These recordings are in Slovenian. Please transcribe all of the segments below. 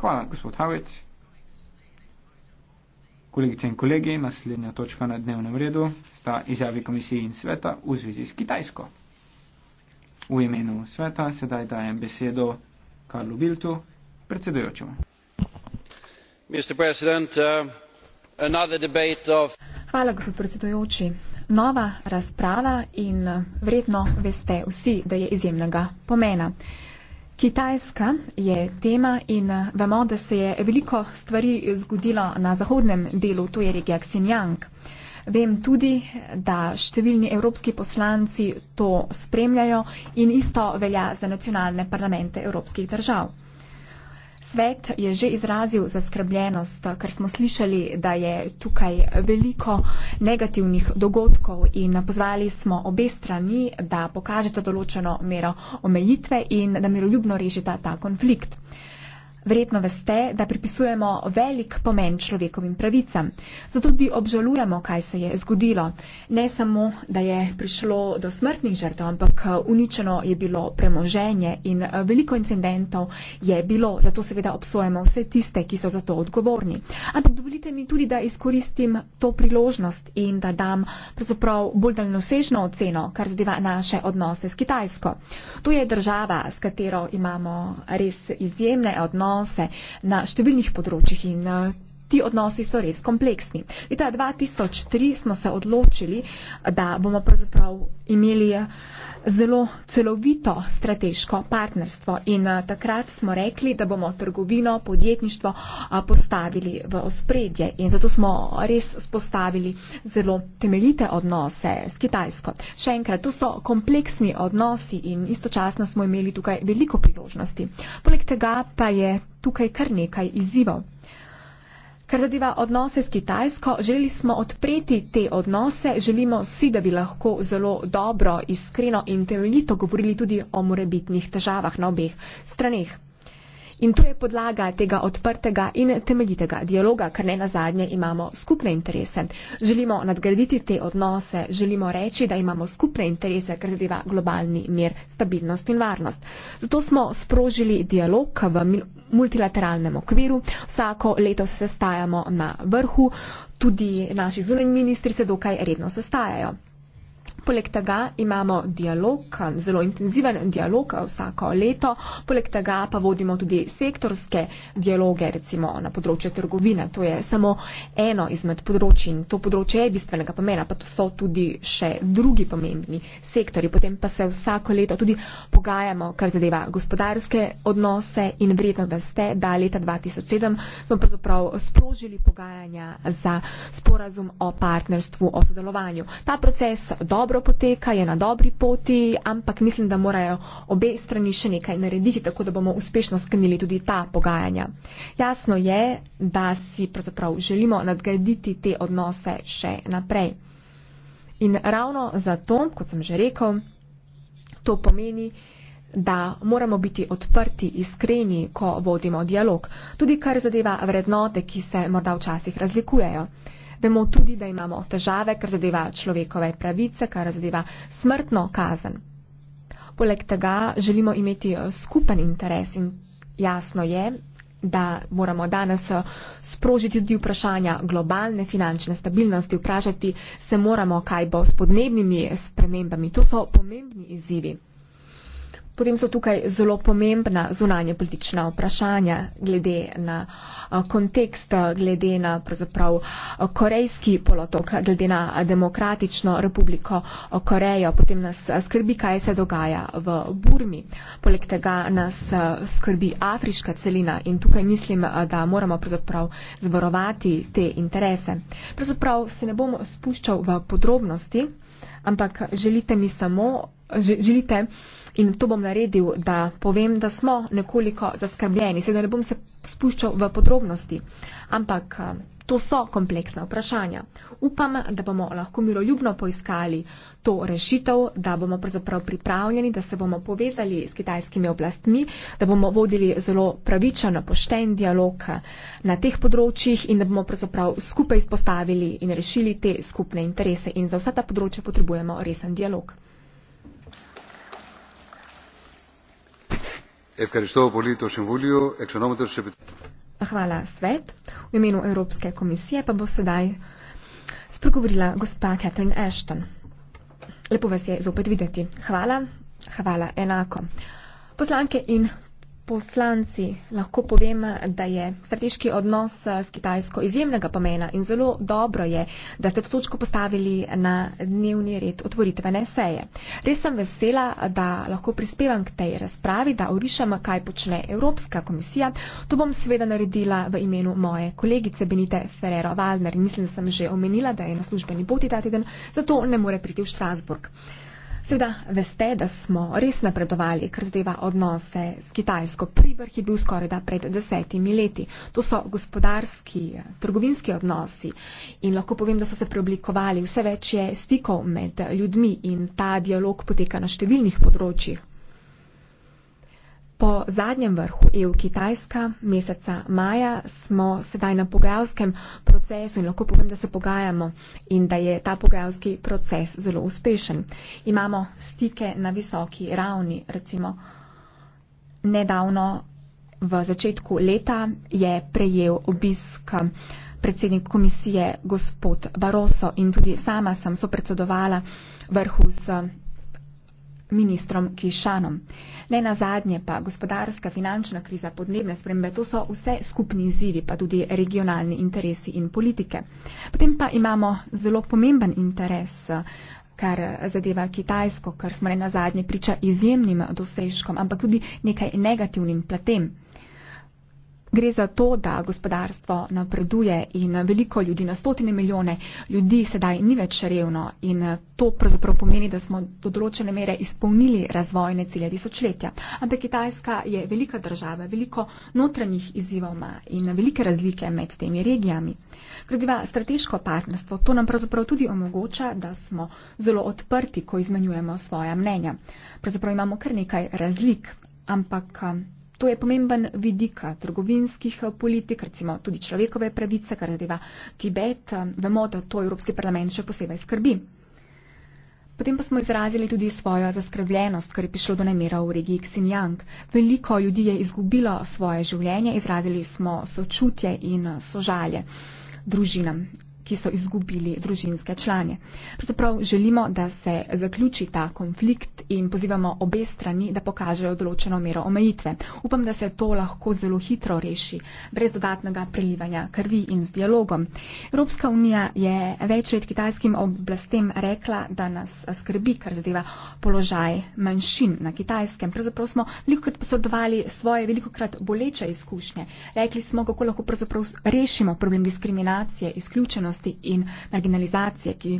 Hvala, gospod Havec. Kolegice in kolegi, naslednja točka na dnevnem redu sta izjavi komisije in sveta v zvezi s Kitajsko. V imenu sveta sedaj dajem besedo Karlu Biltu, predsedujočemu. Uh, Hvala, gospod predsedujoči. Nova razprava in vredno veste vsi, da je izjemnega pomena. Kitajska je tema in eh, vemo, da se je veliko stvari zgodilo na zahodnem delu, to je regija Xinjiang. Vem tudi, da številni evropski poslanci to spremljajo in isto velja za nacionalne parlamente evropskih držav. Svet je že izrazil zaskrbljenost, ker smo slišali, da je tukaj veliko negativnih dogodkov in pozvali smo obe strani, da pokažete določeno mero omejitve in da miroljubno rešite ta konflikt. Verjetno veste, da pripisujemo velik pomen človekovim pravicam. Zato tudi obžalujemo, kaj se je zgodilo. Ne samo, da je prišlo do smrtnih žrtev, ampak uničeno je bilo premoženje in veliko incidentov je bilo. Zato seveda obsojamo vse tiste, ki so za to odgovorni. Ampak dovolite mi tudi, da izkoristim to priložnost in da dam pravzaprav bolj daljnosežno oceno, kar zadeva naše odnose s Kitajsko. To je država, s katero imamo res izjemne odnose odnose na številnih področjih in eh, ti odnosi so res kompleksni. Leta 2003 smo se odločili, da bomo pravzaprav imeli eh, zelo celovito strateško partnerstvo in eh, takrat smo rekli, da bomo trgovino, podjetništvo eh, postavili v ospredje in zato smo res spostavili zelo temeljite odnose s Kitajsko. Še enkrat, to so kompleksni odnosi in istočasno smo imeli tukaj veliko priložnosti. Poleg tega pa je tukaj kar nekaj izzivov. Kar zadeva odnose s Kitajsko, želeli smo odpreti te odnose, želimo si, da bi lahko zelo dobro, iskreno in temeljito govorili tudi o morebitnih težavah na obeh straneh. In to je podlaga tega odprtega in temeljitega dialoga, ker ne na zadnje imamo skupne interese. Želimo nadgraditi te odnose, želimo reči, da imamo skupne interese, ker zadeva globalni mir, stabilnost in varnost. Zato smo sprožili dialog v multilateralnem okviru. Vsako leto se sestajamo na vrhu, tudi naši zunanji ministri se dokaj redno sestajajo. Poleg tega imamo dialog, zelo intenziven dialog vsako leto, poleg tega pa vodimo tudi sektorske dialoge, recimo na področju trgovine. To je samo eno izmed področji in to področje je bistvenega pomena, pa to so tudi še drugi pomembni sektori. Potem pa se vsako leto tudi pogajamo, kar zadeva gospodarske odnose in vredno, da ste, da leta 2007 smo pravzaprav sprožili pogajanja za sporazum o partnerstvu, o sodelovanju. Ta proces dobro dobro poteka, je na dobri poti, ampak mislim, da morajo obe strani še nekaj narediti, tako da bomo uspešno sklenili tudi ta pogajanja. Jasno je, da si pravzaprav želimo nadgraditi te odnose še naprej. In ravno zato, kot sem že rekel, to pomeni, da moramo biti odprti, iskreni, ko vodimo dialog, tudi kar zadeva vrednote, ki se morda včasih razlikujejo. Vemo tudi, da imamo težave, kar zadeva človekove pravice, kar zadeva smrtno kazen. Poleg tega želimo imeti eh, skupen interes in jasno je, da moramo danes eh, sprožiti tudi vprašanja globalne finančne stabilnosti, vprašati se moramo, kaj bo s podnebnimi spremembami. To so pomembni izzivi. Potem so tukaj zelo pomembna zunanje politična vprašanja glede na kontekst, glede na pravzaprav korejski polotok, glede na demokratično republiko Korejo. Potem nas skrbi, kaj se dogaja v Burmi. Poleg tega nas skrbi afriška celina in tukaj mislim, da moramo pravzaprav zvarovati te interese. Pravzaprav se ne bom spuščal v podrobnosti ampak želite mi samo, želite in to bom naredil, da povem, da smo nekoliko zaskrbljeni. Sedaj ne bom se spuščal v podrobnosti, ampak To so kompleksna vprašanja. Upam, da bomo lahko miroljubno poiskali to rešitev, da bomo pravzaprav pripravljeni, da se bomo povezali s kitajskimi oblastmi, da bomo vodili zelo pravičen, pošten dialog na teh področjih in da bomo pravzaprav skupaj izpostavili in rešili te skupne interese. In za vsa ta področja potrebujemo resen dialog. Hvala svet. V imenu Evropske komisije pa bo sedaj spregovorila gospa Catherine Ashton. Lepo vas je zopet videti. Hvala, hvala enako. Poslanke in poslanci lahko povem, da je strateški odnos eh, s Kitajsko izjemnega pomena in zelo dobro je, da ste to točko postavili na dnevni red otvoritvene seje. Res sem vesela, da lahko prispevam k tej razpravi, da orišam, kaj počne Evropska komisija. To bom seveda naredila v imenu moje kolegice Benite Ferrero-Valner. Mislim, da sem že omenila, da je na službeni poti ta teden, zato ne more priti v Štrasburg. Seveda veste, da smo res napredovali, kar zdeva odnose s Kitajsko. Pribrh je bil skoraj da pred desetimi leti. To so gospodarski, trgovinski odnosi in lahko povem, da so se preoblikovali. Vse več je stikov med ljudmi in ta dialog poteka na številnih področjih. Po zadnjem vrhu EU-Kitajska meseca maja smo sedaj na pogajalskem procesu in lahko povem, da se pogajamo in da je ta pogajalski proces zelo uspešen. Imamo stike na visoki ravni, recimo nedavno v začetku leta je prejel obisk predsednik komisije gospod Baroso in tudi sama sem sopredsedovala vrhu z ministrom Kišanom. Ne na zadnje pa gospodarska, finančna kriza, podnebne spremembe, to so vse skupni izzivi, pa tudi regionalni interesi in politike. Potem pa imamo zelo pomemben interes, kar zadeva Kitajsko, kar smo ne na zadnje priča izjemnim dosežkom, ampak tudi nekaj negativnim platem. Gre za to, da gospodarstvo napreduje in veliko ljudi, na stotine milijone ljudi sedaj ni več revno in to pravzaprav pomeni, da smo do določene mere izpolnili razvojne cilje tisočletja. Ampak Kitajska je velika država, veliko notranjih izzivov ima in velike razlike med temi regijami. Gradiva strateško partnerstvo, to nam pravzaprav tudi omogoča, da smo zelo odprti, ko izmenjujemo svoja mnenja. Pravzaprav imamo kar nekaj razlik, ampak. To je pomemben vidik eh, trgovinskih eh, politik, recimo tudi človekove pravice, kar zadeva Tibet. Eh, vemo, da to Evropski parlament še posebej skrbi. Potem pa smo izrazili tudi svojo zaskrbljenost, kar je prišlo do nemira v regiji Xinjiang. Veliko ljudi je izgubilo svoje življenje, izrazili smo sočutje in sožalje družinam ki so izgubili družinske člane. Pravzaprav želimo, da se zaključi ta konflikt in pozivamo obe strani, da pokažejo določeno mero omejitve. Upam, da se to lahko zelo hitro reši, brez dodatnega prelivanja krvi in z dialogom. Evropska unija je večkrat kitajskim oblastem rekla, da nas skrbi, kar zadeva položaj manjšin na kitajskem. Pravzaprav smo veliko krat posodovali svoje veliko krat boleče izkušnje. Rekli smo, kako lahko pravzaprav rešimo problem diskriminacije, izključenosti, izenačenosti in marginalizacije, ki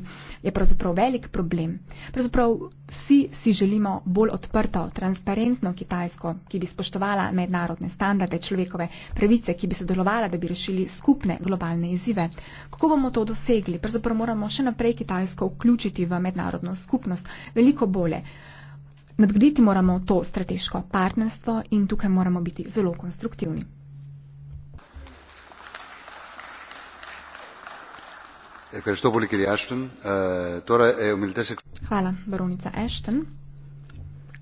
je pravzaprav velik problem. Pravzaprav vsi si želimo bolj odprto, transparentno Kitajsko, ki bi spoštovala mednarodne standarde človekove pravice, ki bi sodelovala, da bi rešili skupne globalne izzive. Kako bomo to dosegli? Pravzaprav moramo še naprej Kitajsko vključiti v mednarodno skupnost veliko bolje. Nadgraditi moramo to strateško partnerstvo in tukaj moramo biti zelo konstruktivni. Hvala, baronica Ashton.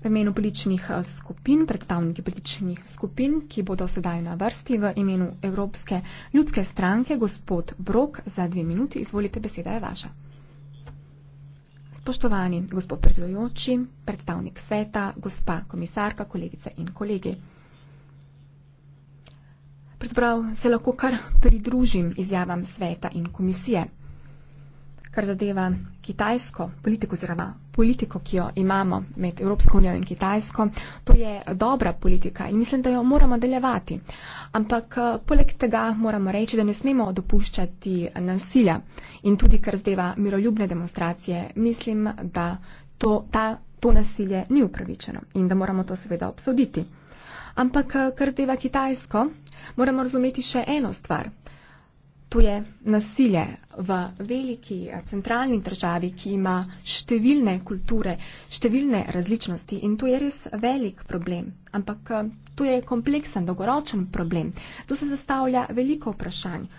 V imenu političnih eh, skupin, predstavniki političnih skupin, ki bodo sedaj na vrsti v imenu Evropske ljudske stranke, gospod Brok, za dve minuti izvolite, beseda je vaša. Spoštovani gospod predsedujoči, predstavnik sveta, gospa komisarka, kolegice in kolegi. Prezbral se lahko kar pridružim izjavam sveta in komisije kar zadeva kitajsko politiko oziroma politiko, ki jo imamo med Evropsko unijo in Kitajsko, to je dobra politika in mislim, da jo moramo deljevati. Ampak eh, poleg tega moramo reči, da ne smemo dopuščati nasilja in tudi kar zadeva miroljubne demonstracije, mislim, da to, ta, to nasilje ni upravičeno in da moramo to seveda obsoditi. Ampak eh, kar zadeva Kitajsko, moramo razumeti še eno stvar. To je nasilje v veliki eh, centralni državi, ki ima številne kulture, številne različnosti in to je res velik problem. Ampak eh, to je kompleksen, dolgoročen problem. To se zastavlja veliko vprašanj.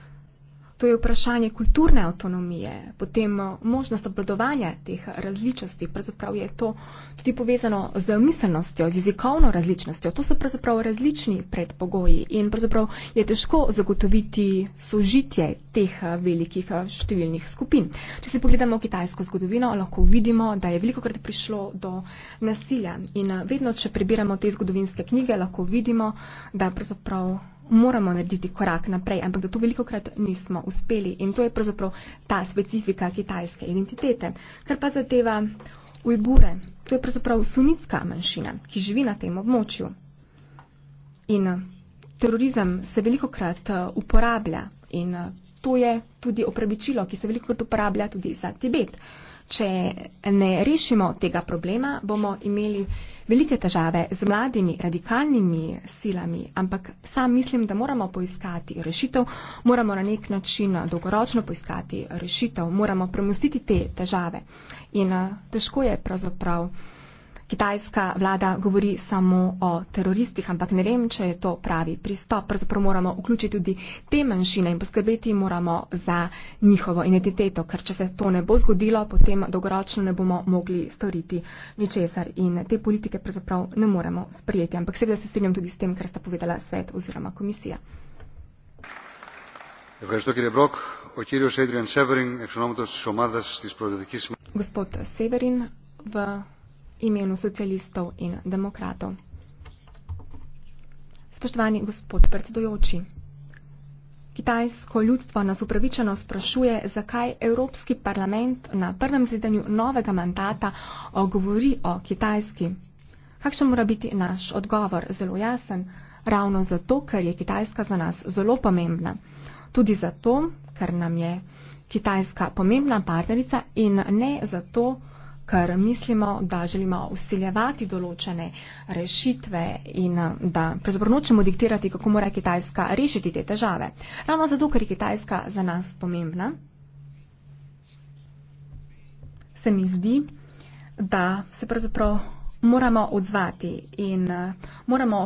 To je vprašanje kulturne avtonomije, potem eh, možnost obladovanja teh različnosti, pravzaprav je to tudi povezano z miselnostjo, z jezikovno različnostjo. To so pravzaprav različni predpogoji in pravzaprav je težko zagotoviti sožitje teh eh, velikih eh, številnih skupin. Če si pogledamo kitajsko zgodovino, lahko vidimo, da je veliko krat prišlo do nasilja in vedno, če prebiramo te zgodovinske knjige, lahko vidimo, da pravzaprav moramo narediti korak naprej, ampak da to veliko krat nismo uspeli. In to je pravzaprav ta specifika kitajske identitete. Kar pa zadeva Ujgure, to je pravzaprav sunitska manjšina, ki živi na tem območju. In eh, terorizem se veliko krat eh, uporablja in eh, to je tudi opravičilo, ki se veliko krat uporablja tudi za Tibet. Uh, če ne rešimo tega problema, bomo imeli velike težave z mladimi radikalnimi silami, ampak sam mislim, da moramo poiskati rešitev, moramo na nek način dolgoročno poiskati rešitev, moramo premustiti te težave. In eh, težko je pravzaprav kitajska vlada govori samo o teroristih, ampak ne vem, če je to pravi pristop. Pravzaprav moramo vključiti tudi te manjšine in poskrbeti moramo za njihovo identiteto, ker če se to ne bo zgodilo, potem dolgoročno ne bomo mogli storiti ničesar in te politike pravzaprav ne moremo sprijeti. Ampak seveda se strinjam tudi s tem, kar sta povedala svet oziroma komisija. Ευχαριστώ κύριε Μπροκ. Ο κύριος Adrian Severin, εξ ονόματος της ομάδας της προοδευτικής... Γκοσπότ Σέβεριν, imenu socialistov in demokratov. Spoštovani gospod predsedujoči, kitajsko ljudstvo nas upravičeno sprašuje, zakaj Evropski parlament na prvem zidanju novega mandata govori o kitajski. Kakšen mora biti naš odgovor? Zelo jasen. Ravno zato, ker je Kitajska za nas zelo pomembna. Tudi zato, ker nam je Kitajska pomembna partnerica in ne zato, ker mislimo, da želimo usiljevati določene rešitve in eh, da pravzaprav nočemo diktirati, kako mora Kitajska rešiti te težave. Ravno zato, ker je Kitajska za nas pomembna, se mi zdi, da se pravzaprav moramo odzvati in eh, moramo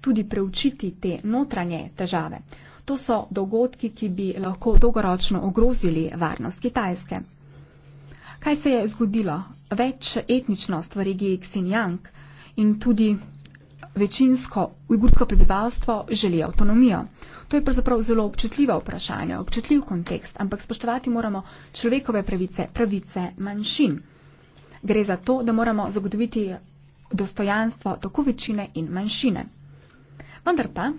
tudi preučiti te notranje težave. To so dogodki, ki bi lahko dolgoročno ogrozili varnost Kitajske kaj se je zgodilo. Več etničnost v regiji Xinjiang in tudi večinsko ujgursko prebivalstvo želi avtonomijo. To je pravzaprav zelo občutljivo vprašanje, občutljiv kontekst, ampak spoštovati moramo človekove pravice, pravice manjšin. Gre za to, da moramo zagotoviti dostojanstvo tako večine in manjšine. Vendar pa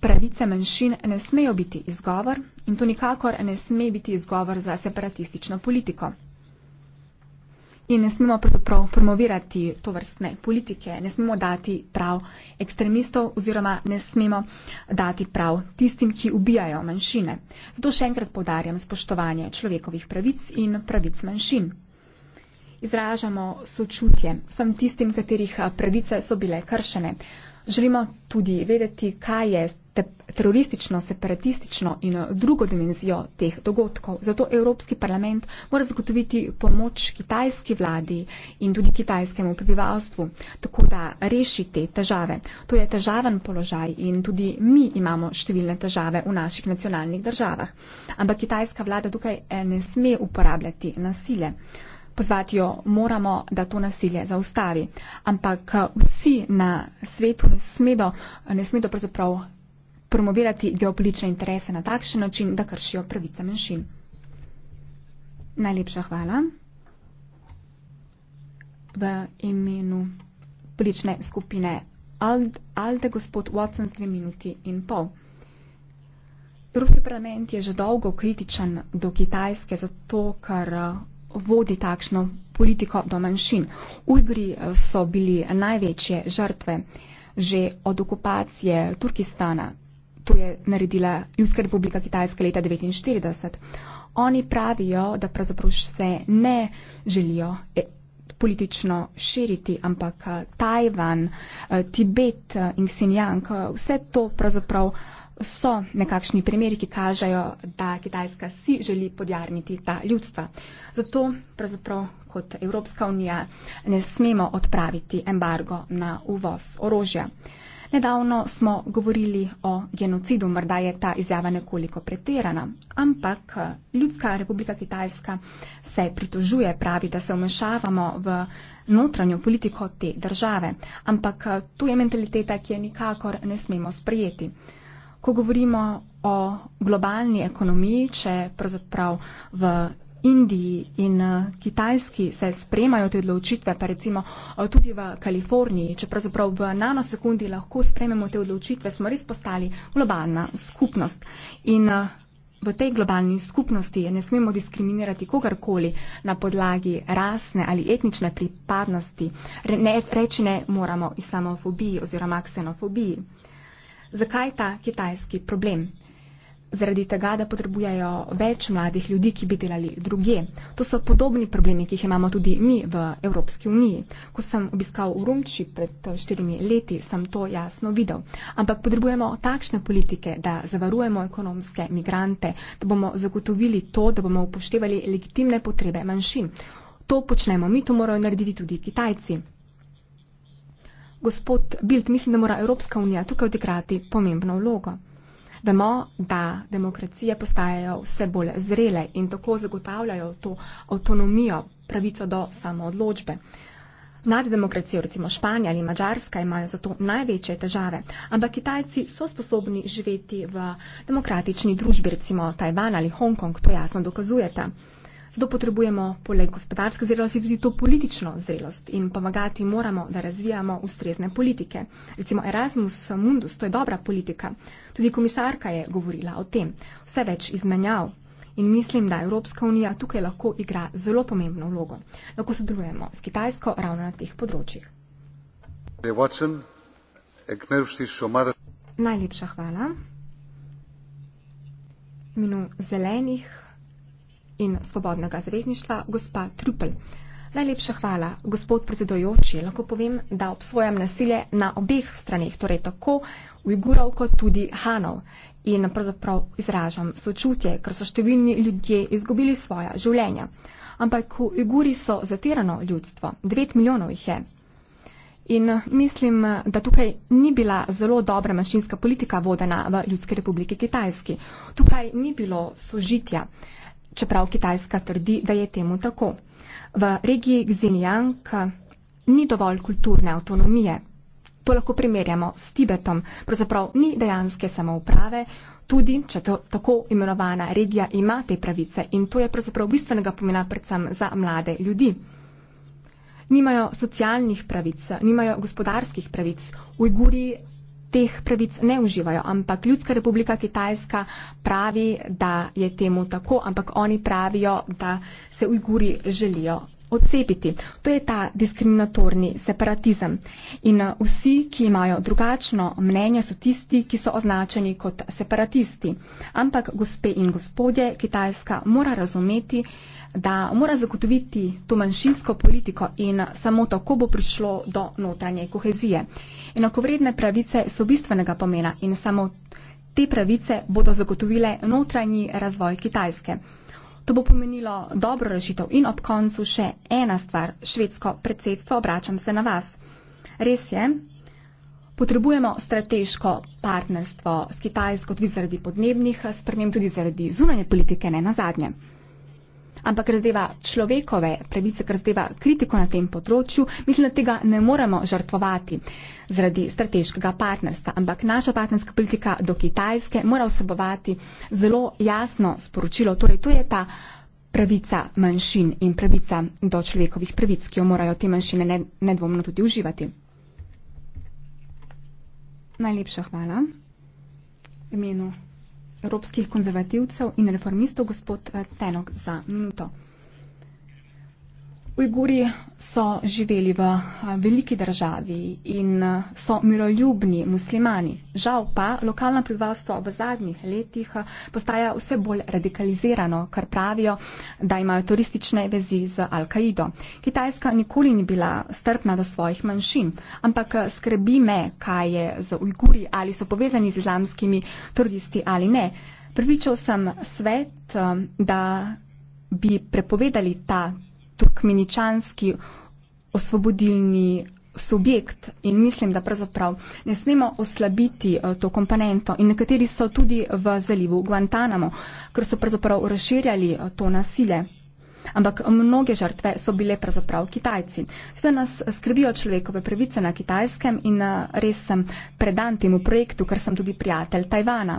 Pravice manjšin ne smejo biti izgovor in to nikakor ne sme biti izgovor za separatistično politiko. In ne smemo pravzaprav promovirati to vrstne politike, ne smemo dati prav ekstremistov oziroma ne smemo dati prav tistim, ki ubijajo manjšine. Zato še enkrat podarjam spoštovanje človekovih pravic in pravic manjšin. Izražamo sočutje vsem tistim, katerih pravice so bile kršene. Želimo tudi vedeti, kaj je te, teroristično, separatistično in eh, drugo dimenzijo teh dogodkov. Zato Evropski parlament mora zagotoviti pomoč kitajski vladi in tudi kitajskemu prebivalstvu, tako da reši te težave. To je težaven položaj in tudi mi imamo številne težave v naših nacionalnih državah. Ampak kitajska vlada tukaj eh, ne sme uporabljati nasile. Pozvati jo moramo, da to nasilje zaustavi. Ampak eh, vsi na svetu ne smedo, ne smedo pravzaprav promovirati geopolitične interese na takšen način, da kršijo pravice menšin. Najlepša hvala v imenu politične skupine ALDE, gospod Watson, z dve minuti in pol. Evropski parlament je že dolgo kritičen do Kitajske, zato ker eh, vodi takšno politiko do manjšin. Ujgri eh, so bili največje žrtve že od okupacije Turkistana to je naredila Ljudska republika Kitajska leta 1949. Oni pravijo, da pravzaprav se ne želijo eh, politično širiti, ampak eh, Tajvan, eh, Tibet in Xinjiang, vse to pravzaprav so nekakšni primeri, ki kažejo, da Kitajska si želi podjarmiti ta ljudstva. Zato pravzaprav kot Evropska unija ne smemo odpraviti embargo na uvoz orožja. Uh, Nedavno smo govorili o genocidu, morda je ta izjava nekoliko pretirana, ampak eh, Ljudska republika Kitajska se pritožuje, pravi, da se vmešavamo v notranjo politiko te države, ampak eh, to je mentaliteta, ki je nikakor ne smemo sprejeti. Ko govorimo o globalni ekonomiji, če pravzaprav v Indiji in uh, Kitajski se spremajo te odločitve, pa recimo uh, tudi v Kaliforniji, če pravzaprav v nanosekundi lahko sprememo te odločitve, smo res postali globalna skupnost. In uh, v tej globalni skupnosti ne smemo diskriminirati kogarkoli na podlagi rasne ali etnične pripadnosti, Re, ne, reči ne moramo islamofobiji oziroma ksenofobiji. Zakaj ta kitajski problem? zaradi tega, da potrebujejo več mladih ljudi, ki bi delali druge. To so podobni problemi, ki jih imamo tudi mi v Evropski uniji. Ko sem obiskal Urumči pred eh, štirimi leti, sem to jasno videl. Ampak potrebujemo takšne politike, da zavarujemo ekonomske migrante, da bomo zagotovili to, da bomo upoštevali legitimne potrebe manjšin. To počnemo mi, to morajo narediti tudi Kitajci. Gospod Bild, mislim, da mora Evropska unija tukaj odigrati pomembno vlogo. Vemo, da demokracije postajajo vse bolj zrele in tako zagotavljajo to avtonomijo, pravico do samoodločbe. Nad demokracijo, recimo Španija ali Mačarska, imajo zato največje težave, ampak Kitajci so sposobni živeti v demokratični družbi, recimo Tajvan ali Hongkong, to jasno dokazujete. Zato potrebujemo poleg gospodarske zrelosti tudi to politično zrelost in pomagati moramo, da razvijamo ustrezne politike. Recimo Erasmus Mundus, to je dobra politika. Tudi komisarka je govorila o tem. Vse več izmenjav. In mislim, da Evropska unija tukaj lahko igra zelo pomembno vlogo. Lahko sodelujemo s Kitajsko ravno na teh področjih. Najlepša hvala. Minu zelenih in Svobodnega zvezdništva, gospa Trupel. Najlepša hvala, gospod predsedojoči. Lahko povem, da obsojam nasilje na obeh straneh, torej tako Ujgurov kot tudi Hanov. In pravzaprav izražam sočutje, ker so številni ljudje izgubili svoja življenja. Ampak Ujguri so zatirano ljudstvo, 9 milijonov jih je. In mislim, da tukaj ni bila zelo dobra manjšinska politika vodena v Ljudske republike Kitajski. Tukaj ni bilo sožitja čeprav Kitajska trdi, da je temu tako. V regiji Xinjiang ni dovolj kulturne avtonomije. To lahko primerjamo s Tibetom, pravzaprav ni dejanske samouprave, tudi če to tako imenovana regija ima te pravice in to je pravzaprav bistvenega pomena predvsem za mlade ljudi. Nimajo socialnih pravic, nimajo gospodarskih pravic. Ujguri teh pravic ne uživajo, ampak Ljudska republika Kitajska pravi, da je temu tako, ampak oni pravijo, da se Ujguri želijo odcepiti. To je ta diskriminatorni separatizem. In uh, vsi, ki imajo drugačno mnenje, so tisti, ki so označeni kot separatisti. Ampak, gospe in gospodje, Kitajska mora razumeti, da mora zagotoviti to manjšinsko politiko in samo tako bo prišlo do notranje kohezije. Enakovredne pravice so bistvenega pomena in samo te pravice bodo zagotovile notranji razvoj Kitajske. To bo pomenilo dobro rešitev in ob koncu še ena stvar. Švedsko predsedstvo, obračam se na vas. Res je, potrebujemo strateško partnerstvo s Kitajsko tudi zaradi podnebnih sprememb, tudi zaradi zunanje politike, ne na zadnje ampak razdeva človekove pravice, kar razdeva kritiko na tem področju, mislim, da tega ne moremo žrtvovati zaradi strateškega partnerstva. Ampak naša partnerska politika do Kitajske mora vsebovati zelo jasno sporočilo. Torej, to je ta pravica manjšin in pravica do človekovih pravic, ki jo morajo te manjšine nedvomno tudi uživati. Najlepša hvala. Imenu evropskih konzervativcev in reformistov, gospod eh, Tenok, za minuto. Ujguri so živeli v eh, veliki državi in eh, so miroljubni muslimani. Žal pa lokalno prebivalstvo v zadnjih letih eh, postaja vse bolj radikalizirano, kar pravijo, da imajo turistične vezi z Al-Kaido. Kitajska nikoli ni bila strpna do svojih manjšin, ampak skrbi me, kaj je z Ujguri, ali so povezani z islamskimi turisti ali ne. Pripričal sem svet, da bi prepovedali ta turkmeničanski osvobodilni subjekt in mislim, da pravzaprav ne smemo oslabiti eh, to komponento in nekateri so tudi v zalivu Guantanamo, ker so pravzaprav razširjali eh, to nasilje ampak mnoge žrtve so bile pravzaprav Kitajci. Sedaj nas skrbijo človekove pravice na kitajskem in eh, res sem predan temu projektu, ker sem tudi prijatelj Tajvana.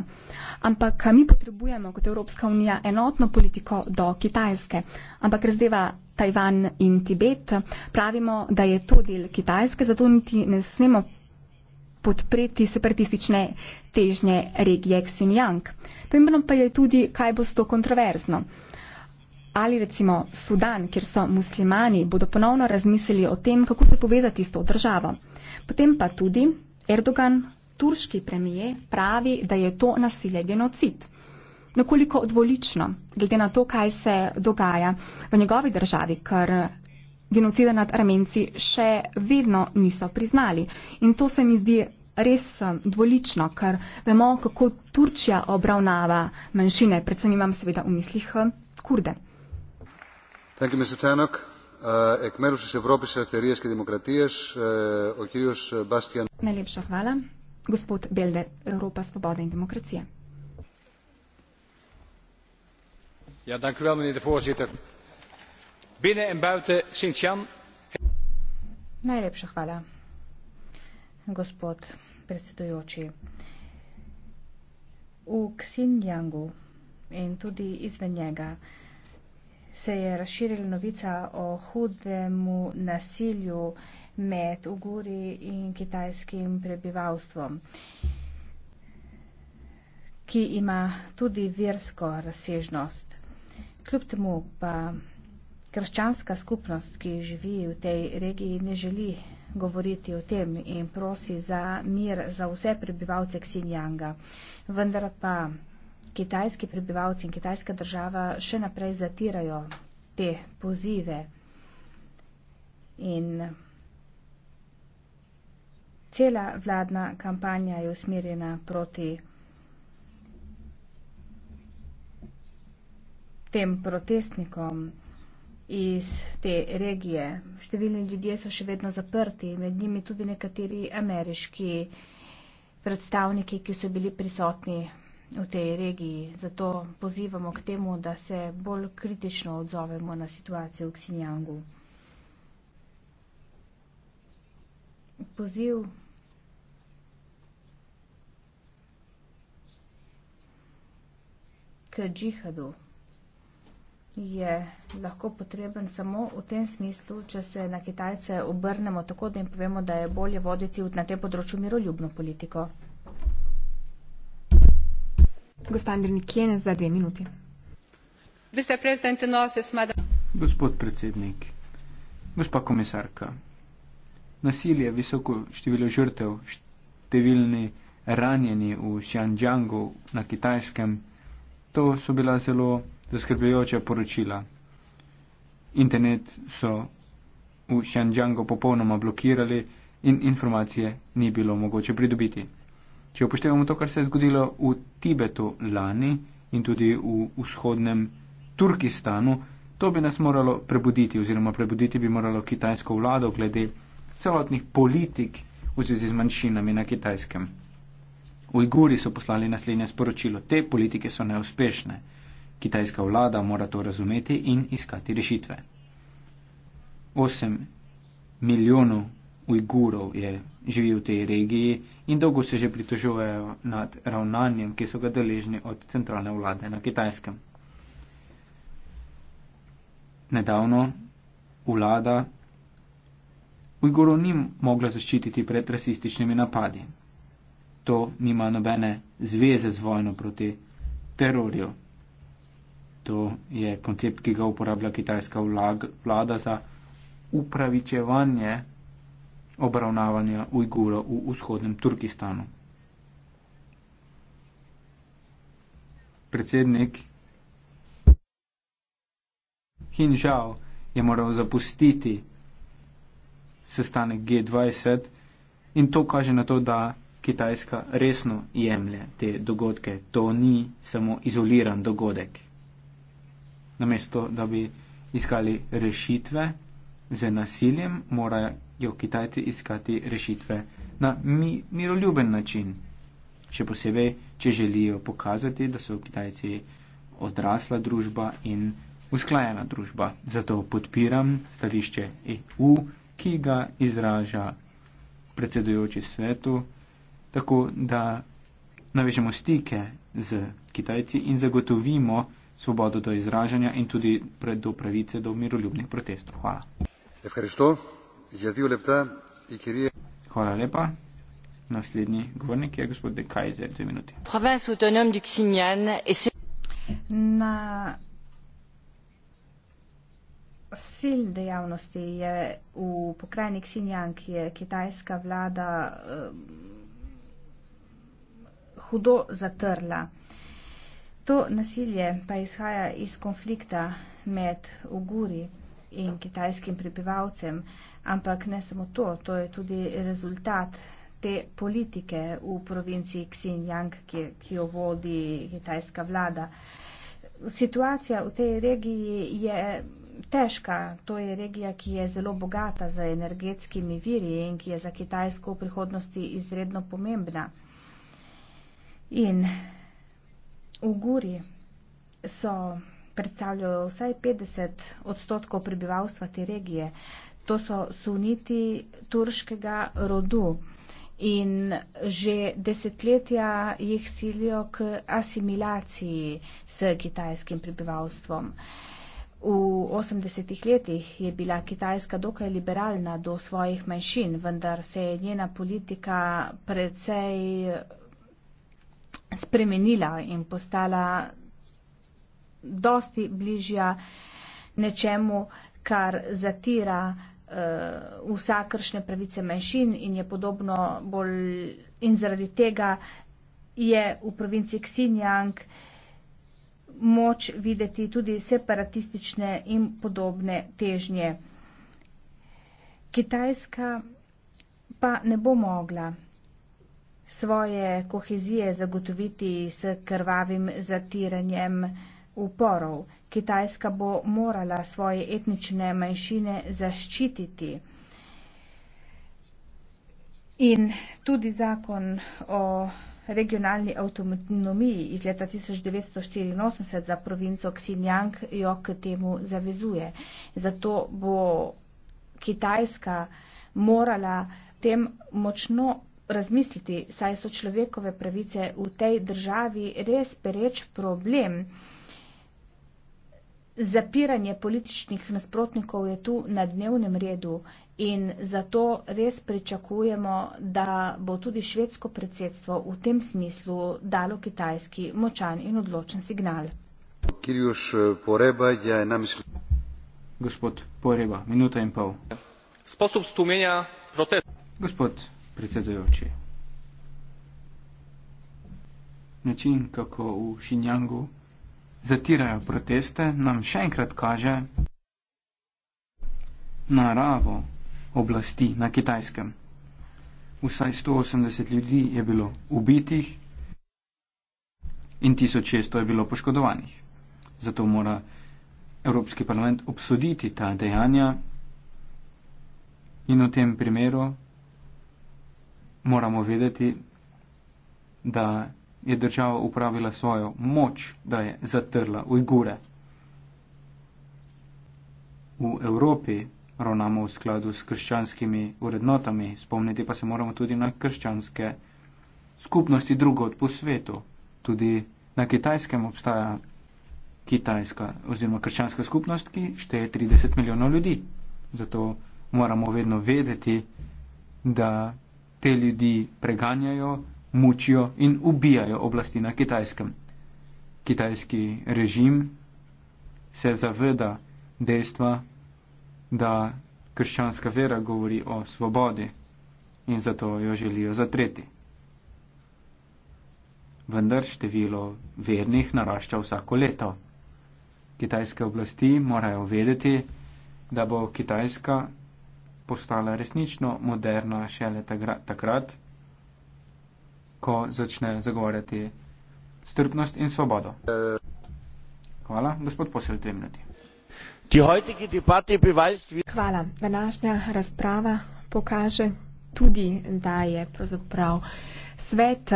Ampak eh, mi potrebujemo kot Evropska unija enotno politiko do Kitajske. Ampak razdeva Tajvan in Tibet, eh, pravimo, da je to del Kitajske, zato niti ne smemo podpreti separatistične težnje regije Xinjiang. Pomembno pa je tudi, kaj bo s to kontroverzno ali recimo Sudan, kjer so muslimani, bodo ponovno razmislili o tem, kako se povezati s to državo. Potem pa tudi Erdogan, turški premije, pravi, da je to nasilje genocid. Nekoliko odvolično, glede na to, kaj se dogaja v njegovi državi, ker genocida nad armenci še vedno niso priznali. In to se mi zdi res um, dvolično, ker vemo, kako Turčija obravnava manjšine, predvsem imam seveda v mislih um, kurde. Uh, uh, uh, Najlepša hvala. Gospod Belder, Evropa svobode in demokracije. Ja, dank u wel, meneer de voorzitter. Binnen en buiten Sint-Jan. Najlepša hvala, gospod predsedujoči. V Xinjiangu in tudi izven njega se je razširila novica o hudemu nasilju med Uguri in kitajskim prebivalstvom, ki ima tudi versko razsežnost. Kljub temu pa krščanska skupnost, ki živi v tej regiji, ne želi govoriti o tem in prosi za mir za vse prebivalce Xinjianga. Vendar pa kitajski prebivalci in kitajska država še naprej zatirajo te pozive. In cela vladna kampanja je usmerjena proti tem protestnikom iz te regije. Številni ljudje so še vedno zaprti, med njimi tudi nekateri ameriški predstavniki, ki so bili prisotni v tej regiji. Zato pozivamo k temu, da se bolj kritično odzovemo na situacijo v Xinjiangu. Poziv k džihadu je lahko potreben samo v tem smislu, če se na Kitajce obrnemo tako, da jim povemo, da je bolje voditi na tem področju miroljubno politiko. Gospod predsednik, gospa komisarka, nasilje, visoko število žrtev, številni ranjeni v Xianjiangu na kitajskem, to so bila zelo zaskrbljujoča poročila. Internet so v Xianjiangu popolnoma blokirali in informacije ni bilo mogoče pridobiti. Če upoštevamo to, kar se je zgodilo v Tibetu lani in tudi v vzhodnem Turkistanu, to bi nas moralo prebuditi oziroma prebuditi bi moralo kitajsko vlado glede celotnih politik v zvezi z manjšinami na kitajskem. Ujguri so poslali naslednje sporočilo. Te politike so neuspešne. Kitajska vlada mora to razumeti in iskati rešitve. 8 milijonov Ujgurov je živi v tej regiji in dolgo se že pritožujejo nad ravnanjem, ki so ga deležni od centralne vlade na kitajskem. Nedavno vlada Ujgurov ni mogla zaščititi pred rasističnimi napadi. To nima nobene zveze z vojno proti terorju. To je koncept, ki ga uporablja kitajska vlaga, vlada za upravičevanje obravnavanja Ujgura v vzhodnem Turkistanu. Predsednik Hinžal je moral zapustiti sestanek G20 in to kaže na to, da Kitajska resno jemlje te dogodke. To ni samo izoliran dogodek. Namesto, da bi iskali rešitve z nasiljem, mora jo Kitajci iskati rešitve na mi miroljuben način. Še posebej, če želijo pokazati, da so Kitajci odrasla družba in usklajena družba. Zato podpiram stališče EU, ki ga izraža predsedujoči svetu, tako da navežemo stike z Kitajci in zagotovimo svobodo do izražanja in tudi pred do pravice do miroljubnih protestov. Hvala. Je v Hristo? province autonome du Xinjiang et c'est na sil dejavnosti je v pokrajini Xinjiang, ki je kitajska vlada uh, hudo zatrla. To nasilje pa izhaja iz konflikta med Uguri in kitajskim prebivalcem. Uh, Ampak ne samo to, to je tudi rezultat te politike v provinciji Xinjiang, ki, ki jo vodi kitajska vlada. Situacija v tej regiji je težka. To je regija, ki je zelo bogata z energetskimi viri in ki je za Kitajsko v prihodnosti izredno pomembna. In v Guri so predstavljajo vsaj 50 odstotkov prebivalstva te regije to so suniti turškega rodu in že desetletja jih silijo k asimilaciji s kitajskim prebivalstvom. V 80-ih letih je bila Kitajska dokaj liberalna do svojih manjšin, vendar se je njena politika precej spremenila in postala dosti bližja nečemu, kar zatira uh, vsakršne pravice manjšin in je podobno bolj in zaradi tega je v provinci Xinjiang moč videti tudi separatistične in podobne težnje. Kitajska pa ne bo mogla svoje kohezije zagotoviti s krvavim zatiranjem uporov. Kitajska bo morala svoje etnične manjšine zaščititi. In tudi zakon o regionalni avtonomiji iz leta 1984 za provinco Xinjiang jo k temu zavezuje. Zato bo Kitajska morala tem močno razmisliti, saj so človekove pravice v tej državi res pereč problem. Zapiranje političnih nasprotnikov je tu na dnevnem redu in zato res pričakujemo, da bo tudi švedsko predsedstvo v tem smislu dalo kitajski močan in odločen signal. Eh, Gospod Poreba, minuta in pol. Sposob stumenja protest. Gospod predsedujoči. Način, kako v Xinjiangu zatirajo proteste, nam še enkrat kaže naravo oblasti na kitajskem. Vsaj 180 ljudi je bilo ubitih in 1600 je bilo poškodovanih. Zato mora Evropski parlament obsoditi ta dejanja in v tem primeru moramo vedeti, da je država upravila svojo moč, da je zatrla Ujgure. V Evropi ravnamo v skladu s krščanskimi urednotami, spomniti pa se moramo tudi na krščanske skupnosti drugod po svetu. Tudi na kitajskem obstaja kitajska oziroma krščanska skupnost, ki šteje 30 milijonov ljudi. Zato moramo vedno vedeti, da te ljudi preganjajo, mučijo in ubijajo oblasti na kitajskem. Kitajski režim se zaveda dejstva, da krščanska vera govori o svobodi in zato jo želijo zatreti. Vendar število vernih narašča vsako leto. Kitajske oblasti morajo vedeti, da bo Kitajska postala resnično moderna šele takrat, ko začne zagovarjati strpnost in svobodo. Hvala, gospod posel Temnati. Hvala. Današnja razprava pokaže tudi, da je pravzaprav svet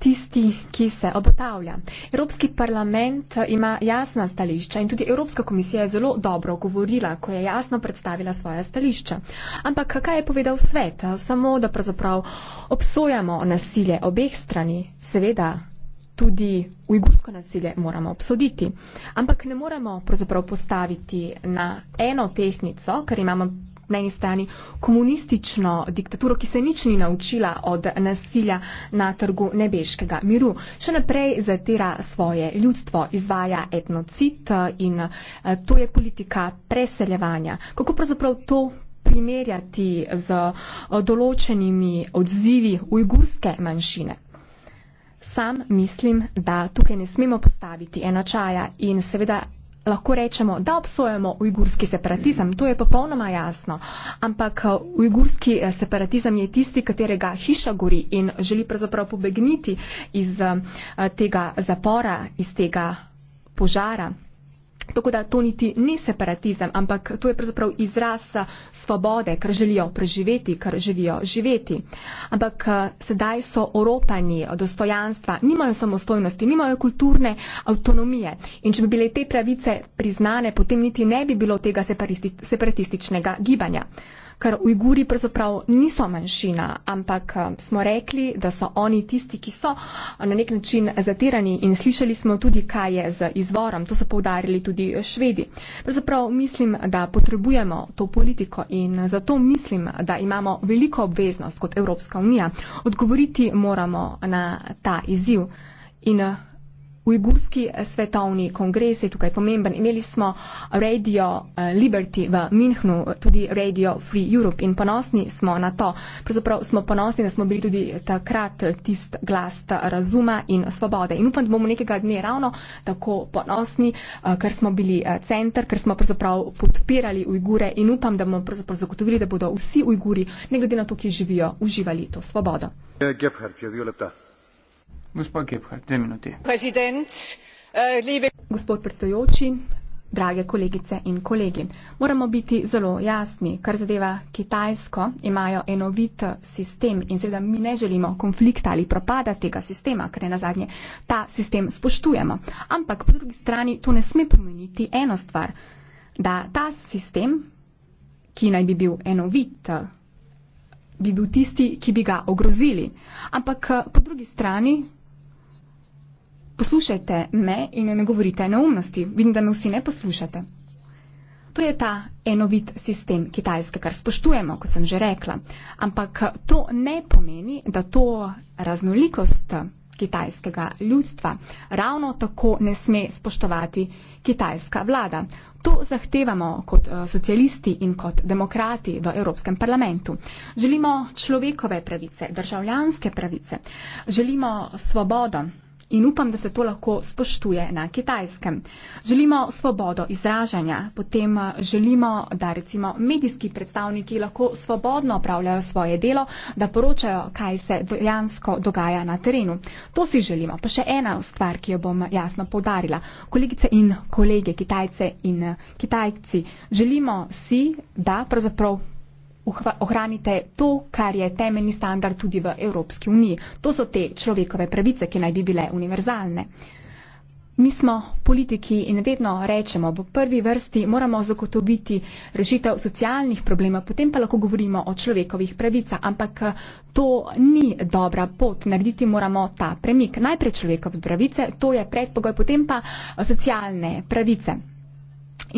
tisti, ki se obotavlja. Evropski parlament eh, ima jasna stališča in tudi Evropska komisija je zelo dobro govorila, ko je jasno predstavila svoje stališča. Ampak kaj je povedal svet? Eh, samo, da pravzaprav obsojamo nasilje obeh strani, seveda tudi ujgursko nasilje moramo obsoditi. Ampak ne moremo pravzaprav postaviti na eno tehnico, ker imamo na eni strani komunistično diktaturo, ki se nič ni naučila od nasilja na trgu nebeškega miru. Še naprej zatira svoje ljudstvo, izvaja etnocit eh, in eh, to je politika preseljevanja. Kako pravzaprav to primerjati z eh, določenimi odzivi ujgurske manjšine? Sam mislim, da tukaj ne smemo postaviti enačaja in seveda lahko rečemo, da obsojamo ujgurski separatizem, to je popolnoma jasno, ampak eh, ujgurski eh, separatizem je tisti, katerega hiša gori in želi pravzaprav pobegniti iz eh, tega zapora, iz tega požara. Tako da to niti ni separatizem, ampak to je pravzaprav izraz eh, svobode, kar želijo preživeti, kar želijo živeti. Ampak eh, sedaj so oropani eh, dostojanstva, nimajo samostojnosti, nimajo kulturne avtonomije. In če bi bile te pravice priznane, potem niti ne bi bilo tega separatističnega gibanja ker Ujguri pravzaprav niso manjšina, ampak eh, smo rekli, da so oni tisti, ki so eh, na nek način zatirani in slišali smo tudi, kaj je z izvorom. To so povdarili tudi eh, švedi. Pravzaprav mislim, da potrebujemo to politiko in zato mislim, da imamo veliko obveznost kot Evropska unija. Odgovoriti moramo na ta izziv. In Ujgurski eh, svetovni kongres je tukaj pomemben. Imeli smo Radio eh, Liberty v Minhnu, tudi Radio Free Europe in ponosni smo na to. Pravzaprav smo ponosni, da smo bili tudi takrat tist glas ta razuma in svobode. In upam, da bomo nekega dne ravno tako ponosni, eh, ker smo bili center, ker smo pravzaprav podpirali Ujgure in upam, da bomo pravzaprav zagotovili, da bodo vsi Ujguri, ne glede na to, ki živijo, uživali to svobodo. Gephardt, Eh, Gospod predsedujoči, drage kolegice in kolegi. Moramo biti zelo jasni, kar zadeva Kitajsko, imajo enovit sistem in seveda mi ne želimo konflikta ali propada tega sistema, ker je na zadnje ta sistem spoštujemo. Ampak po drugi strani to ne sme pomeniti eno stvar, da ta sistem, ki naj bi bil enovit, bi bil tisti, ki bi ga ogrozili. Ampak eh, po drugi strani poslušajte me in ne govorite neumnosti, vidim, da me vsi ne poslušate. To je ta enovit sistem Kitajske, kar spoštujemo, kot sem že rekla. Ampak to ne pomeni, da to raznolikost kitajskega ljudstva ravno tako ne sme spoštovati kitajska vlada. To zahtevamo kot eh, socialisti in kot demokrati v Evropskem parlamentu. Želimo človekove pravice, državljanske pravice, želimo svobodo in upam, da se to lahko spoštuje na kitajskem. Želimo svobodo izražanja, potem eh, želimo, da recimo medijski predstavniki lahko svobodno opravljajo svoje delo, da poročajo, kaj se dejansko dogaja na terenu. To si želimo. Pa še ena stvar, ki jo bom jasno povdarila. Kolegice in kolege, kitajce in eh, kitajci, želimo si, da pravzaprav ohranite to, kar je temeljni standard tudi v Evropski uniji. To so te človekove pravice, ki naj bi bile univerzalne. Mi smo politiki in vedno rečemo, v prvi vrsti moramo zagotoviti rešitev socialnih problemov, potem pa lahko govorimo o človekovih pravicah, ampak eh, to ni dobra pot. Narediti moramo ta premik. Najprej človekove pravice, to je predpogoj, potem pa eh, socialne pravice.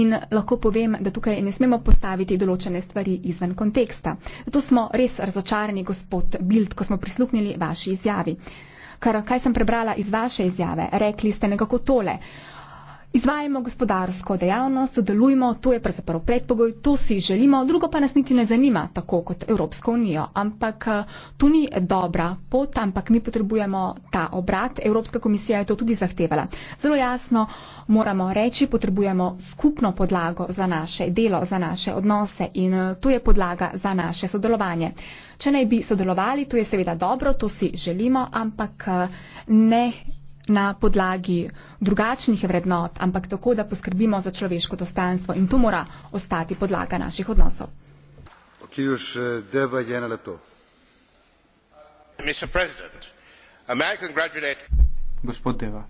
In lahko povem, da tukaj ne smemo postaviti določene stvari izven konteksta. Zato smo res razočarani, gospod Bild, ko smo prisluhnili vaši izjavi. Kar, kaj sem prebrala iz vaše izjave, rekli ste nekako tole. Izvajamo gospodarsko dejavnost, sodelujemo, to je pravzaprav predpogoj, to si želimo, drugo pa nas niti ne zanima, tako kot Evropsko unijo. Ampak eh, tu ni dobra pot, ampak mi potrebujemo ta obrat. Evropska komisija je to tudi zahtevala. Zelo jasno moramo reči, potrebujemo skupno podlago za naše delo, za naše odnose in eh, tu je podlaga za naše sodelovanje. Če naj bi sodelovali, to je seveda dobro, to si želimo, ampak eh, ne na podlagi drugačnih vrednot, ampak tako, da poskrbimo za človeško dostanstvo in to mora ostati podlaga naših odnosov. Eh, Gospod Deva,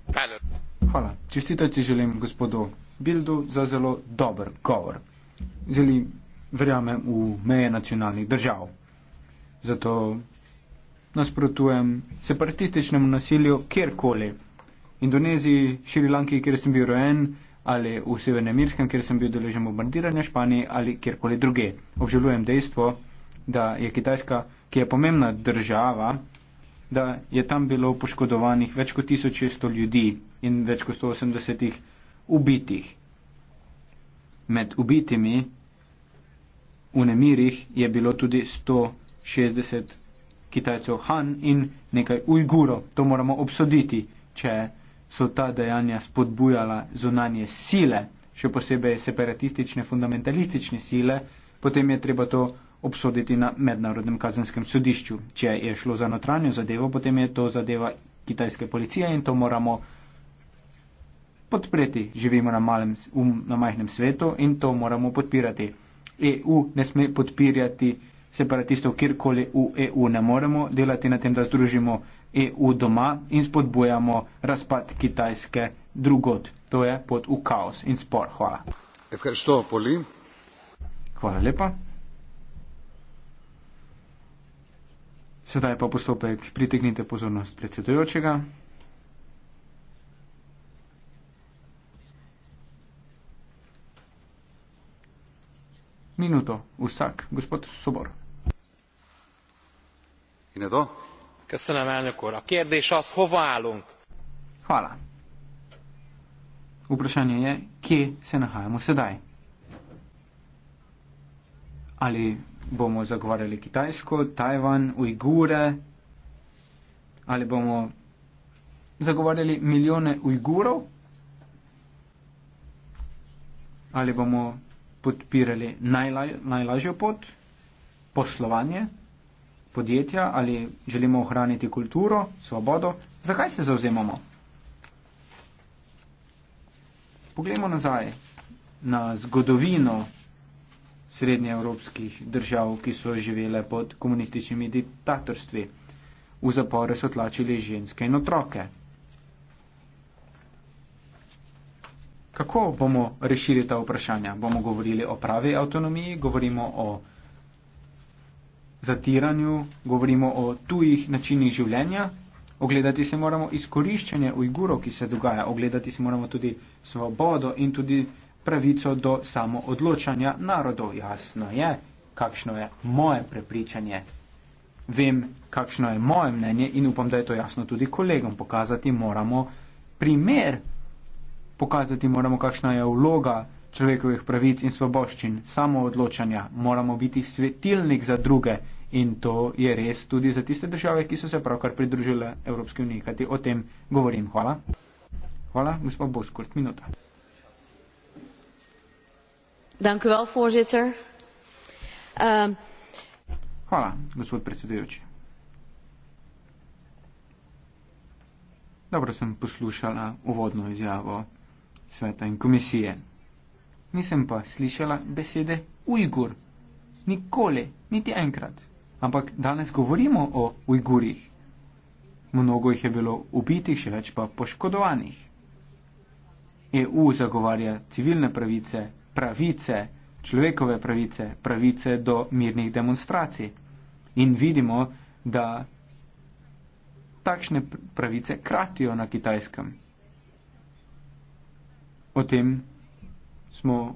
hvala. Čestitati želim gospodu Bildu za zelo dober govor. Zeli verjamem v meje nacionalnih držav. Zato nasprotujem separatističnemu nasilju kjerkoli. Indoneziji, Šrilanki, kjer sem bil rojen, ali v Severnemirskem, kjer sem bil deležen bombardiranja Španije ali kjerkoli druge. Obžalujem dejstvo, da je Kitajska, ki je pomembna država, da je tam bilo poškodovanih več kot 1600 ljudi in več kot 180 ubitih. Med ubitimi v nemirih je bilo tudi 160 Kitajcev Han in nekaj Ujgurov. To moramo obsoditi, če je so ta dejanja spodbujala zunanje sile, še posebej separatistične fundamentalistične sile, potem je treba to obsoditi na mednarodnem kazenskem sodišču. Če je šlo za notranjo zadevo, potem je to zadeva kitajske policije in to moramo podpreti. Živimo na, malem, um, na majhnem svetu in to moramo podpirati. EU ne sme podpirati separatistov, kjerkoli v EU ne moremo delati na tem, da združimo EU doma in spodbujamo razpad Kitajske drugod. To je pot v kaos in spor. Hvala. Hvala lepa. Sedaj pa postopek, pritegnite pozornost predsedujočega. Minuto vsak, gospod Sobor. In je to? a kérdés az hova állunk? Hvala. Vprašanje je, kje se nahajamo sedaj? Ali bomo zagovarjali Kitajsko, Tajvan, Ujgure? Ali bomo zagovarjali milijone Ujgurov? Ali bomo podpirali najla, najlažjo pot, poslovanje? podjetja ali želimo ohraniti kulturo, svobodo, zakaj se zauzemamo? Poglejmo nazaj na zgodovino srednjeevropskih držav, ki so živele pod komunističnimi diktatorstvi. V zapore so tlačili ženske in otroke. Kako bomo rešili ta vprašanja? Bomo govorili o pravi avtonomiji, govorimo o zatiranju, govorimo o tujih načinih življenja, ogledati se moramo izkoriščanje ujgurov, ki se dogaja, ogledati se moramo tudi svobodo in tudi pravico do samoodločanja narodov. Jasno je, kakšno je moje prepričanje. Vem, kakšno je moje mnenje in upam, da je to jasno tudi kolegom. Pokazati moramo primer, pokazati moramo, kakšna je vloga človekovih pravic in svoboščin, samo odločanja, moramo biti svetilnik za druge in to je res tudi za tiste države, ki so se pravkar pridružile Evropske unije, kajti o tem govorim. Hvala. Hvala, gospod Boskurt, minuta. Dankuvel, voorzitter. Um. Hvala, gospod predsedujoči. Dobro sem poslušala uvodno izjavo sveta in komisije nisem pa slišala besede Ujgur. Nikoli, niti enkrat. Ampak danes govorimo o Ujgurjih. Mnogo jih je bilo ubitih, še več pa poškodovanih. EU zagovarja civilne pravice, pravice, človekove pravice, pravice do mirnih demonstracij. In vidimo, da takšne pravice kratijo na kitajskem. O tem smo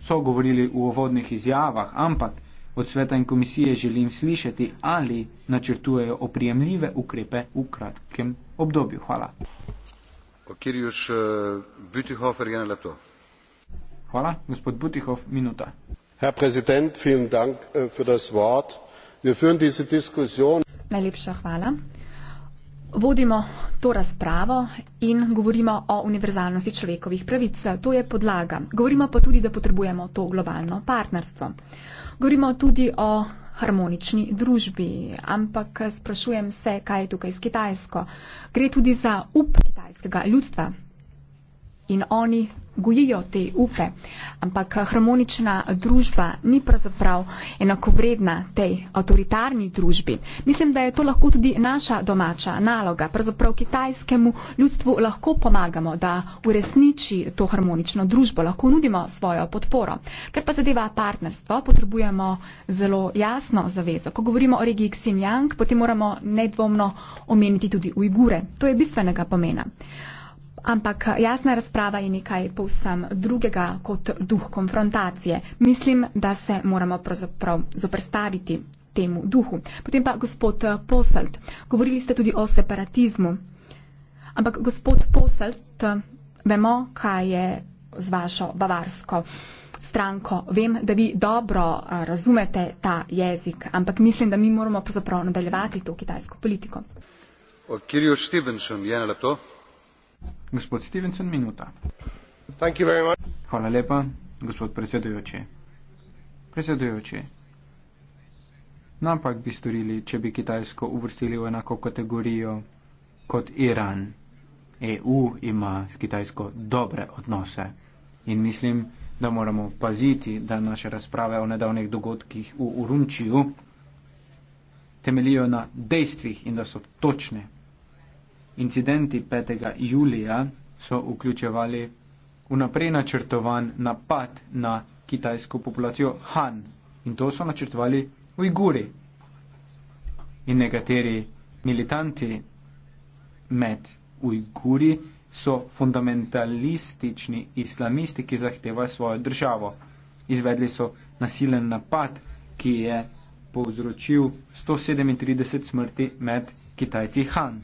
so govorili v uvodnih izjavah, ampak od sveta in komisije želim slišati, ali načrtujejo oprijemljive ukrepe v kratkem obdobju. Hvala. Kirjuš Butihofer, je na leto. Hvala, gospod Butihof, minuta. Herr Präsident, vielen Dank eh, für das Wort. Wir führen diese Diskussion. Najlepša hvala vodimo to razpravo in govorimo o univerzalnosti človekovih pravic. To je podlaga. Govorimo pa tudi, da potrebujemo to globalno partnerstvo. Govorimo tudi o harmonični družbi, ampak sprašujem se, kaj je tukaj s Kitajsko. Gre tudi za up kitajskega ljudstva, in oni gojijo te upe. Ampak eh, harmonična družba ni pravzaprav enakovredna tej avtoritarni družbi. Mislim, da je to lahko tudi naša domača naloga. Pravzaprav kitajskemu ljudstvu lahko pomagamo, da uresniči to harmonično družbo, lahko nudimo svojo podporo. Ker pa zadeva partnerstvo, potrebujemo zelo jasno zavezo. Ko govorimo o regiji Xinjiang, potem moramo nedvomno omeniti tudi Ujgure. To je bistvenega pomena. Ampak eh, jasna razprava je nekaj povsem drugega kot duh konfrontacije. Mislim, da se moramo pravzaprav zoprestaviti temu duhu. Potem pa gospod eh, Poselt. Govorili ste tudi o separatizmu. Ampak gospod Poselt, eh, vemo, kaj je z vašo bavarsko stranko. Vem, da vi dobro razumete ta jezik, ampak mislim, da mi moramo pravzaprav nadaljevati to kitajsko politiko. O, Gospod Stevenson, minuta. Hvala lepa, gospod predsedujoči. Predsedujoči, napak bi storili, če bi Kitajsko uvrstili v enako kategorijo kot Iran. EU ima s Kitajsko dobre odnose in mislim, da moramo paziti, da naše razprave o nedavnih dogodkih v Urunčiju temelijo na dejstvih in da so točne Incidenti 5. julija so vključevali vnaprej načrtovan napad na kitajsko populacijo Han in to so načrtovali Ujguri. In nekateri militanti med Ujguri so fundamentalistični islamisti, ki zahtevajo svojo državo. Izvedli so nasilen napad, ki je povzročil 137 smrti med Kitajci Han.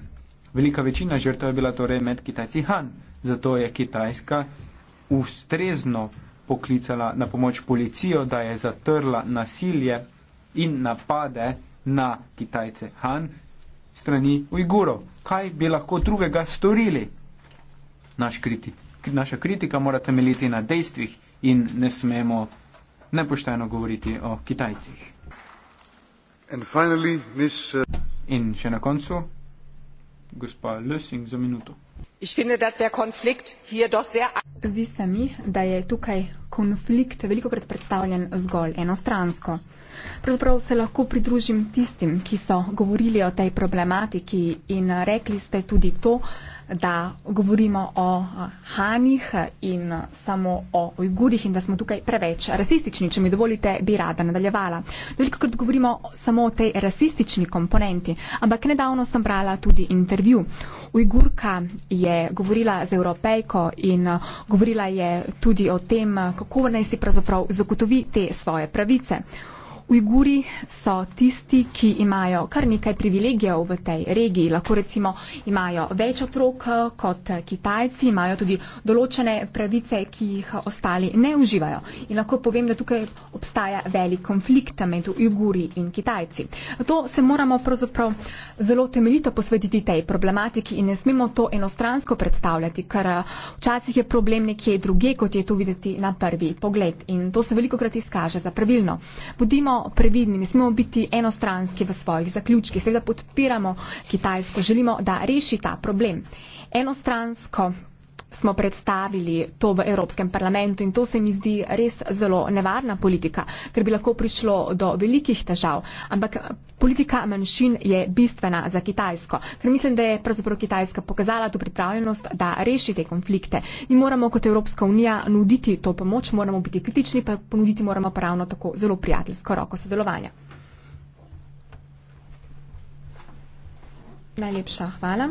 Velika večina žrtev je bila torej med Kitajci Han, zato je Kitajska ustrezno poklicala na pomoč policijo, da je zatrla nasilje in napade na Kitajce Han strani Ujgurov. Kaj bi lahko drugega storili? Naš kriti, naša kritika mora temeljiti na dejstvih in ne smemo nepošteno govoriti o Kitajcih. Finally, miss, uh... In še na koncu gospa Lösing za minuto. Ich finde, dass der Konflikt hier doch sehr Zdi se mi, da je tukaj konflikt veliko krat predstavljen zgolj enostransko. Pravzaprav se lahko pridružim tistim, ki so govorili o tej problematiki in rekli ste tudi to, da govorimo o Hanih in samo o Ujgurih in da smo tukaj preveč rasistični. Če mi dovolite, bi rada nadaljevala. Veliko krat govorimo samo o tej rasistični komponenti, ampak nedavno sem brala tudi intervju. Ujgurka je govorila z Evropejko in govorila je tudi o tem, kako naj si pravzaprav zagotovi te svoje pravice. Ujguri so tisti, ki imajo kar nekaj privilegijev v tej regiji. Lahko recimo imajo več otrok kot Kitajci, imajo tudi določene pravice, ki jih ostali ne uživajo. In lahko povem, da tukaj obstaja velik konflikt med Ujguri in Kitajci. Zato se moramo pravzaprav zelo temeljito posvetiti tej problematiki in ne smemo to enostransko predstavljati, ker eh, včasih je problem nekje druge, kot je to videti na prvi pogled. In to se veliko krat izkaže za pravilno. Budimo previdni, ne smemo biti enostranski v svojih zaključkih. Seveda podpiramo Kitajsko, želimo, da reši ta problem. Enostransko smo predstavili to v Evropskem parlamentu in to se mi zdi res zelo nevarna politika, ker bi lahko prišlo do velikih težav. Ampak politika manjšin je bistvena za Kitajsko, ker mislim, da je pravzaprav Kitajska pokazala to pripravljenost, da reši te konflikte. Mi moramo kot Evropska unija nuditi to pomoč, moramo biti kritični, pa ponuditi moramo pravno tako zelo prijateljsko roko sodelovanja. Najlepša hvala.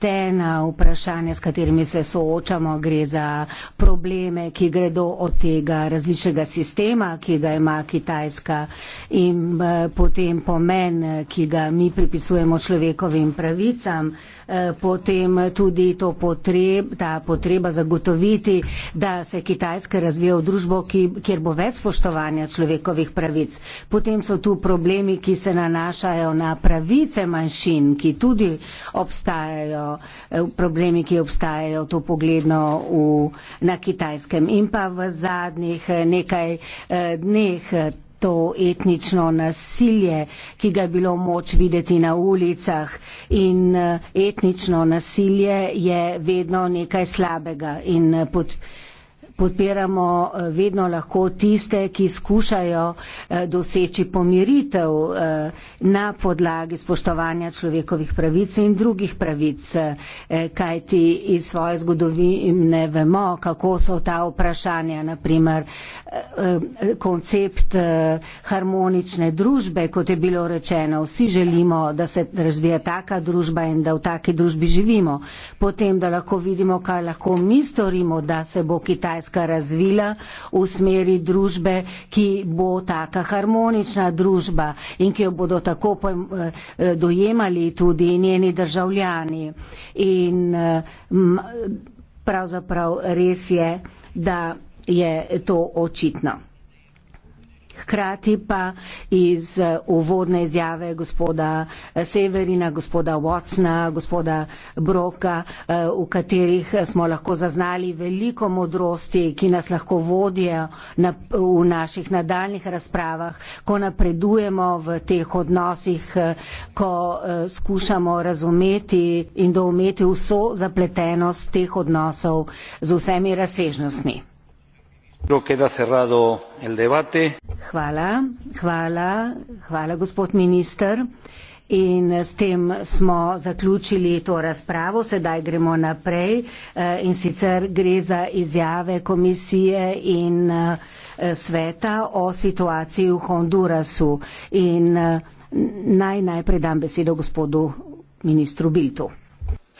zapletena vprašanja, s katerimi se soočamo, gre za probleme, ki gredo od tega različnega sistema, ki ga ima Kitajska in eh, potem pomen, ki ga mi pripisujemo človekovim pravicam, eh, potem tudi potreb, ta potreba zagotoviti, da se Kitajska razvija v družbo, ki, kjer bo več spoštovanja človekovih pravic. Potem so tu problemi, ki se nanašajo na pravice manjšin, ki tudi obstajajo Eh, problemi, ki obstajajo to pogledno v, na kitajskem. In pa v zadnjih eh, nekaj eh, dneh to etnično nasilje, ki ga je bilo moč videti na ulicah in etnično nasilje je vedno nekaj slabega. In pod, podpiramo eh, vedno lahko tiste, ki skušajo eh, doseči pomiritev eh, na podlagi spoštovanja človekovih pravic in drugih pravic, kajti iz svoje zgodovine vemo, kako so ta vprašanja, naprimer koncept harmonične družbe, kot je bilo rečeno, vsi želimo, da se razvija taka družba in da v taki družbi živimo. Potem, da lahko vidimo, kaj lahko mi storimo, da se bo Kitajska Evropska razvila v smeri družbe, ki bo taka harmonična družba in ki jo bodo tako eh, eh, dojemali tudi njeni državljani. In eh, pravzaprav res je, da je to očitno hkrati pa iz eh, uvodne izjave gospoda eh, Severina, gospoda Watsona, gospoda Broka, eh, v katerih smo lahko zaznali veliko modrosti, ki nas lahko vodijo v naših nadaljnih razpravah, ko napredujemo v teh odnosih, ko skušamo razumeti in doumeti vso zapletenost teh odnosov z vsemi razsežnostmi. Hvala, hvala, hvala, gospod minister. In eh, s tem smo zaključili to razpravo, sedaj gremo naprej eh, in sicer gre za izjave komisije in eh, sveta o situaciji v Hondurasu. In naj najprej dam besedo gospodu ministru Biltu.